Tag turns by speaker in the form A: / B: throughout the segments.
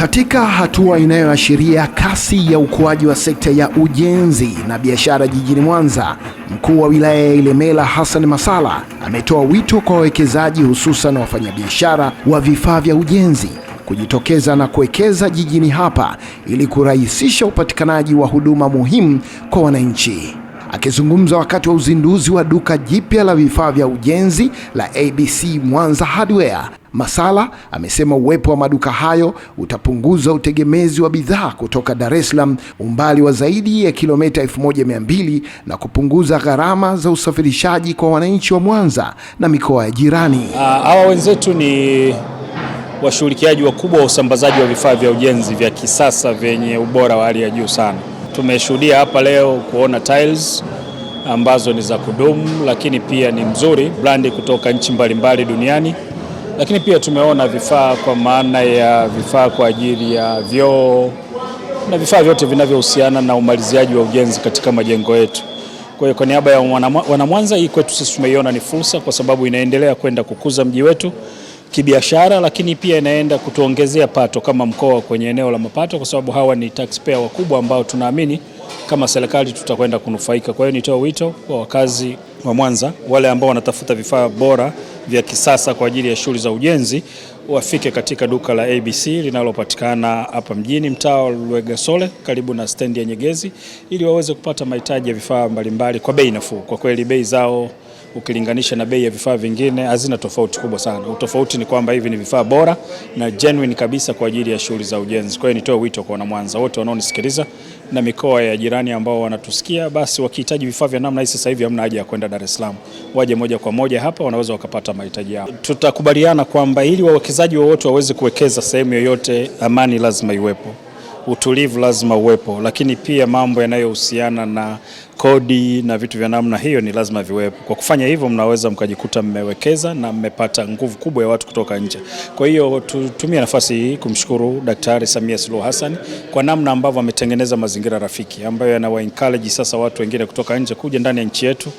A: Katika hatua inayoashiria kasi ya ukuaji wa sekta ya ujenzi na biashara jijini Mwanza, mkuu wa wilaya ya Ilemela Hassan Masala ametoa wito kwa wawekezaji, hususan wafanyabiashara wa vifaa vya ujenzi kujitokeza na kuwekeza jijini hapa ili kurahisisha upatikanaji wa huduma muhimu kwa wananchi. Akizungumza wakati wa uzinduzi wa duka jipya la vifaa vya ujenzi la ABC Mwanza Hardware, Masala amesema uwepo wa maduka hayo utapunguza utegemezi wa bidhaa kutoka Dar es Salaam umbali wa zaidi ya kilomita 1200 na kupunguza gharama za usafirishaji kwa wananchi wa Mwanza na mikoa ya jirani.
B: Ah, hawa wenzetu ni washughulikiaji wakubwa wa usambazaji wa vifaa vya ujenzi vya kisasa vyenye ubora wa hali ya juu sana. Tumeshuhudia hapa leo kuona tiles ambazo ni za kudumu, lakini pia ni mzuri, brandi kutoka nchi mbalimbali duniani. Lakini pia tumeona vifaa kwa maana ya vifaa kwa ajili ya vyoo na vifaa vyote vinavyohusiana na umaliziaji wa ujenzi katika majengo yetu. Kwa hiyo kwa niaba ya wanamwanza, hii kwetu sisi tumeiona ni fursa, kwa sababu inaendelea kwenda kukuza mji wetu kibiashara, lakini pia inaenda kutuongezea pato kama mkoa kwenye eneo la mapato, kwa sababu hawa ni taxpayer wakubwa ambao tunaamini kama serikali tutakwenda kunufaika. Kwa hiyo nitoa wito kwa wakazi wa Mwanza, wale ambao wanatafuta vifaa bora vya kisasa kwa ajili ya shughuli za ujenzi wafike katika duka la ABC linalopatikana hapa mjini mtaa wa Lwegasole karibu na stendi ya Nyegezi ili waweze kupata mahitaji ya vifaa mbalimbali kwa bei nafuu. Kwa kweli bei zao ukilinganisha na bei ya vifaa vingine hazina tofauti kubwa sana. Utofauti ni kwamba hivi ni vifaa bora na genuine kabisa kwa ajili ya shughuli za ujenzi. Kwa hiyo nitoe wito kwa wanamwanza wote wanaonisikiliza na mikoa ya jirani ambao wanatusikia, basi wakihitaji vifaa vya namna hii sasa hivi hamna haja ya kwenda Dar es Salaam, waje moja kwa moja hapa, wanaweza wakapata mahitaji yao. Tutakubaliana kwamba ili wawekezaji wowote wa waweze kuwekeza sehemu yoyote, amani lazima iwepo, utulivu lazima uwepo, lakini pia mambo yanayohusiana na kodi na vitu vya namna hiyo ni lazima viwepo. Kwa kufanya hivyo, mnaweza mkajikuta mmewekeza na mmepata nguvu kubwa ya watu kutoka nje. Kwa hiyo tutumie nafasi hii kumshukuru Daktari Samia Suluhu Hassan kwa namna ambavyo ametengeneza mazingira rafiki ambayo yanawa encourage sasa watu wengine kutoka nje kuja ndani ya nchi yetu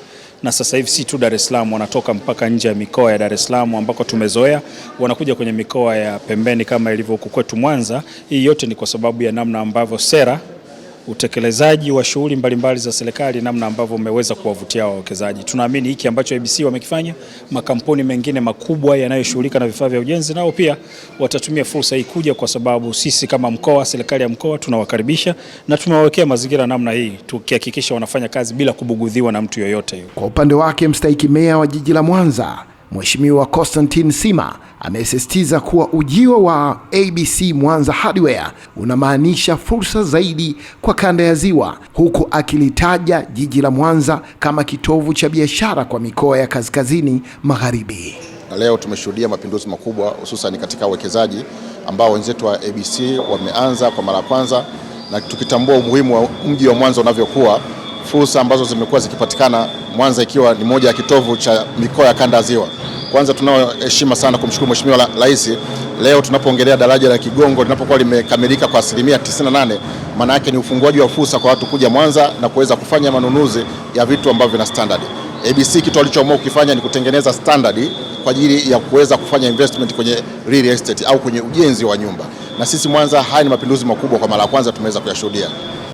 B: na sasa hivi si tu Dar es Salaam, wanatoka mpaka nje ya mikoa ya Dar es Salaam ambako tumezoea, wanakuja kwenye mikoa ya pembeni kama ilivyo huku kwetu Mwanza. Hii yote ni kwa sababu ya namna ambavyo sera utekelezaji wa shughuli mbalimbali za serikali, namna ambavyo umeweza kuwavutia wawekezaji. Tunaamini hiki ambacho ABC wamekifanya, makampuni mengine makubwa yanayoshughulika na vifaa vya ujenzi nao pia watatumia fursa hii kuja, kwa sababu sisi kama mkoa, serikali ya mkoa tunawakaribisha na tumewawekea mazingira namna hii, tukihakikisha wanafanya kazi bila kubugudhiwa na mtu yoyote.
A: Kwa upande wake, mstahiki meya wa jiji la Mwanza Mheshimiwa Constantine Sima amesisitiza kuwa ujio wa ABC Mwanza Hardware unamaanisha fursa zaidi kwa kanda ya Ziwa, huku akilitaja jiji la Mwanza kama kitovu cha biashara kwa mikoa ya kaskazini magharibi.
C: Leo tumeshuhudia mapinduzi makubwa hususan katika uwekezaji ambao wenzetu wa ABC wameanza kwa mara ya kwanza, na tukitambua umuhimu wa mji wa Mwanza unavyokuwa fursa ambazo zimekuwa zikipatikana Mwanza ikiwa ni moja ya kitovu cha mikoa ya kanda ya Ziwa. Kwanza tunao heshima sana kumshukuru Mheshimiwa Rais leo tunapoongelea daraja la Kigongo linapokuwa limekamilika kwa asilimia 98, maana yake ni ufunguaji wa fursa kwa watu kuja Mwanza na kuweza kufanya manunuzi ya vitu ambavyo vina standard. ABC kitu alichoamua kukifanya ni kutengeneza standard kwa ajili ya kuweza kufanya investment kwenye real estate au kwenye ujenzi wa nyumba, na sisi Mwanza, haya ni mapinduzi makubwa, kwa mara ya kwanza tumeweza kuyashuhudia.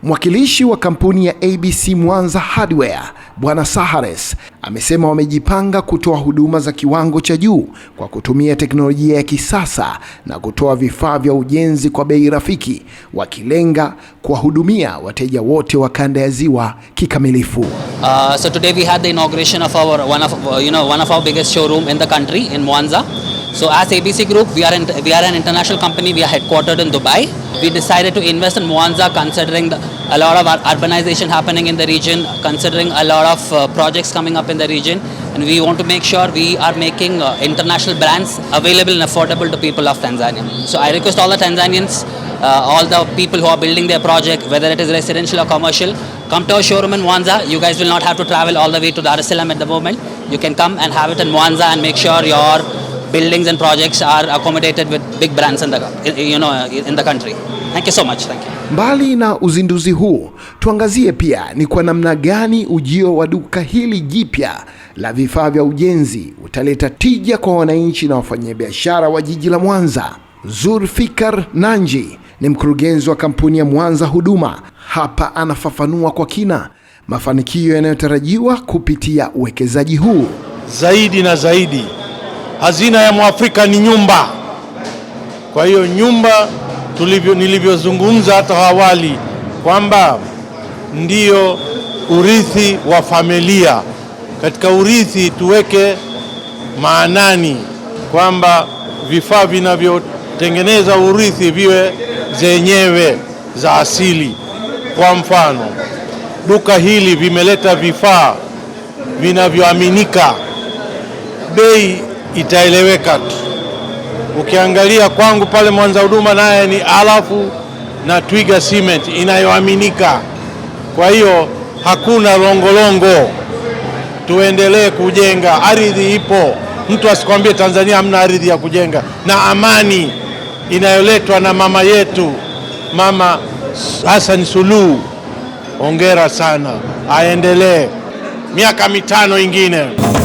A: Mwakilishi wa kampuni ya ABC Mwanza Hardware Bwana Sahares amesema wamejipanga kutoa huduma za kiwango cha juu kwa kutumia teknolojia ya kisasa na kutoa vifaa vya ujenzi kwa bei rafiki, wakilenga kuwahudumia wateja wote wa kanda ya ziwa kikamilifu.
D: Uh, so today we had the inauguration of our one of uh, you know one of our biggest showroom in the country in Mwanza. So as ABC Group, we are, in, we are an international company. We are headquartered in Dubai. We decided to invest in Mwanza considering the a lot of urbanization happening in the region, considering a lot of uh, projects coming up in the region. And we want to make sure we are making uh, international brands available and affordable to people of Tanzania. So I request all the Tanzanians, uh, all the people who are building their project, whether it is residential or commercial, come to our showroom in Mwanza. You guys will not have to travel all the way to Dar es Salaam at the moment. You can come and have it in Mwanza and make sure your buildings and projects are accommodated with big brands in the, you know, in the country. Thank you so much. Thank you.
A: Mbali na uzinduzi huu, tuangazie pia ni kwa namna gani ujio wa duka hili jipya la vifaa vya ujenzi utaleta tija kwa wananchi na wafanyabiashara wa jiji la Mwanza. Zulfikar Nanji ni mkurugenzi wa kampuni ya Mwanza Huduma. Hapa anafafanua kwa kina mafanikio yanayotarajiwa kupitia uwekezaji huu.
E: Zaidi na zaidi hazina ya Mwafrika ni nyumba. Kwa hiyo nyumba tulivyo, nilivyozungumza hata awali kwamba ndiyo urithi wa familia. Katika urithi tuweke maanani kwamba vifaa vinavyotengeneza urithi viwe zenyewe za asili. Kwa mfano, duka hili vimeleta vifaa vinavyoaminika, bei itaeleweka tu. Ukiangalia kwangu pale Mwanza huduma naye ni alafu na Twiga Cement inayoaminika. Kwa hiyo hakuna longolongo Tuendelee kujenga, ardhi ipo, mtu asikwambie Tanzania hamna ardhi ya kujenga, na amani inayoletwa na mama yetu Mama Hassan Suluhu, hongera sana, aendelee miaka mitano ingine.